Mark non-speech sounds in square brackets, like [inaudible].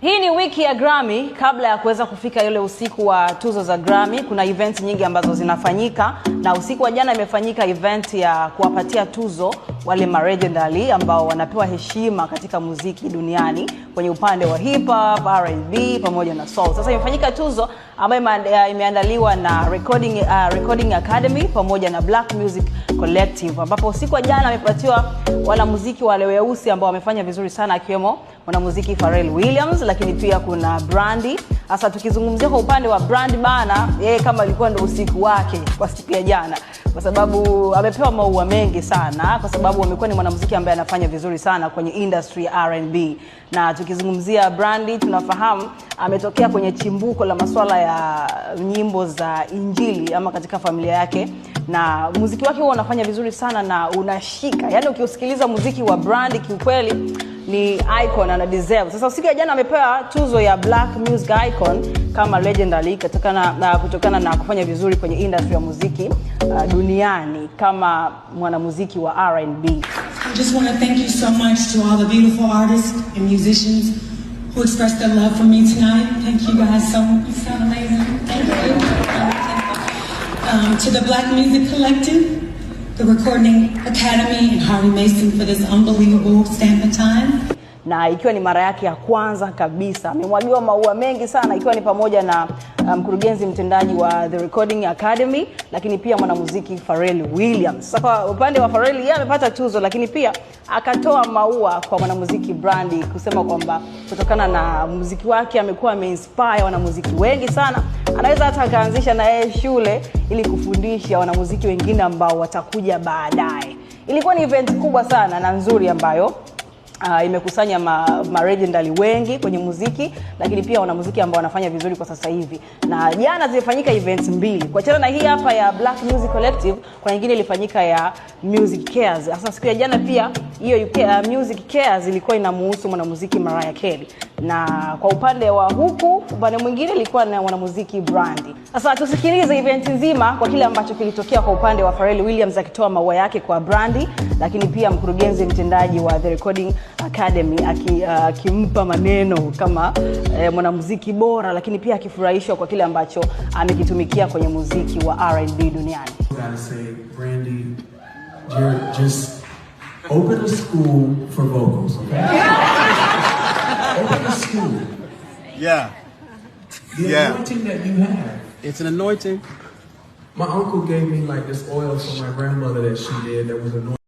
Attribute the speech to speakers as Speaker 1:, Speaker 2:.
Speaker 1: Hii ni wiki ya Grammy. Kabla ya kuweza kufika yule usiku wa tuzo za Grammy, kuna events nyingi ambazo zinafanyika, na usiku wa jana imefanyika event ya kuwapatia tuzo wale maregendali ambao wanapewa heshima katika muziki duniani kwenye upande wa hip hop, R&B pamoja na soul. Sasa imefanyika tuzo ambayo imeandaliwa na Recording, uh, Recording Academy pamoja na Black Music Collective ambapo siku ya jana wamepatiwa wanamuziki wale weusi ambao wamefanya vizuri sana akiwemo mwanamuziki Pharrell Williams, lakini pia kuna Brandy. Sasa tukizungumzia kwa upande wa brand bana, yeye kama alikuwa ndo usiku wake kwa siku ya jana, kwa sababu amepewa maua mengi sana kwa sababu sababu amekuwa ni mwanamuziki ambaye anafanya vizuri sana kwenye industry ya R&B, na tukizungumzia Brandy tunafahamu ametokea kwenye chimbuko la masuala ya nyimbo za Injili ama katika familia yake, na muziki wake huwa anafanya vizuri sana na unashika, yaani ukiusikiliza muziki wa Brandy kiukweli ni icon ana deserve. Sasa siku ya jana amepewa tuzo ya Black Music Icon kama legendary kutokana na kutokana na kufanya vizuri kwenye industry ya muziki. uh, duniani kama mwanamuziki wa R&B.
Speaker 2: I just want to thank you so much to all the beautiful artists and musicians who expressed their love for me tonight. Thank you guys so much. You sound amazing. Thank you. Um, to the Black Music Collective, the Recording Academy, and Harvey Mason for this unbelievable stamp of time.
Speaker 1: na ikiwa ni mara yake ya kwanza kabisa. Amemwagiwa maua mengi sana, ikiwa ni pamoja na uh, mkurugenzi um, mtendaji wa The Recording Academy, lakini pia mwanamuziki Pharrell Williams. Sasa kwa upande wa Pharrell, yeye amepata tuzo, lakini pia akatoa maua kwa mwanamuziki Brandy kusema kwamba kutokana na muziki wake amekuwa ameinspire wanamuziki wengi sana, anaweza hata akaanzisha na yeye shule ili kufundisha wanamuziki wengine ambao watakuja baadaye. Ilikuwa ni event kubwa sana na nzuri ambayo Uh, imekusanya ma, ma legendary wengi kwenye muziki lakini pia wana muziki ambao wanafanya vizuri kwa sasa hivi, na jana zilifanyika events mbili kwa chana na hii hapa ya Black Music Collective, kwa nyingine ilifanyika ya Music Cares. Sasa siku ya jana pia hiyo uh, music care ilikuwa inamuhusu mwanamuziki Mariah Carey, na kwa upande wa huku upande mwingine ilikuwa na mwanamuziki Brandy. Sasa tusikilize event nzima kwa kile ambacho kilitokea kwa upande wa Pharrell Williams akitoa maua yake kwa Brandy, lakini pia mkurugenzi mtendaji wa The Recording Academy uh, akimpa uh, maneno kama eh, mwanamuziki bora, lakini pia akifurahishwa kwa kile ambacho amekitumikia kwenye muziki wa R&B duniani.
Speaker 3: Open a school for vocals, okay? Yeah. [laughs] Open a school. Yeah. The yeah. anointing that you have.
Speaker 4: It's an anointing.
Speaker 3: My uncle gave me like this oil from my grandmother that she did that was anointing.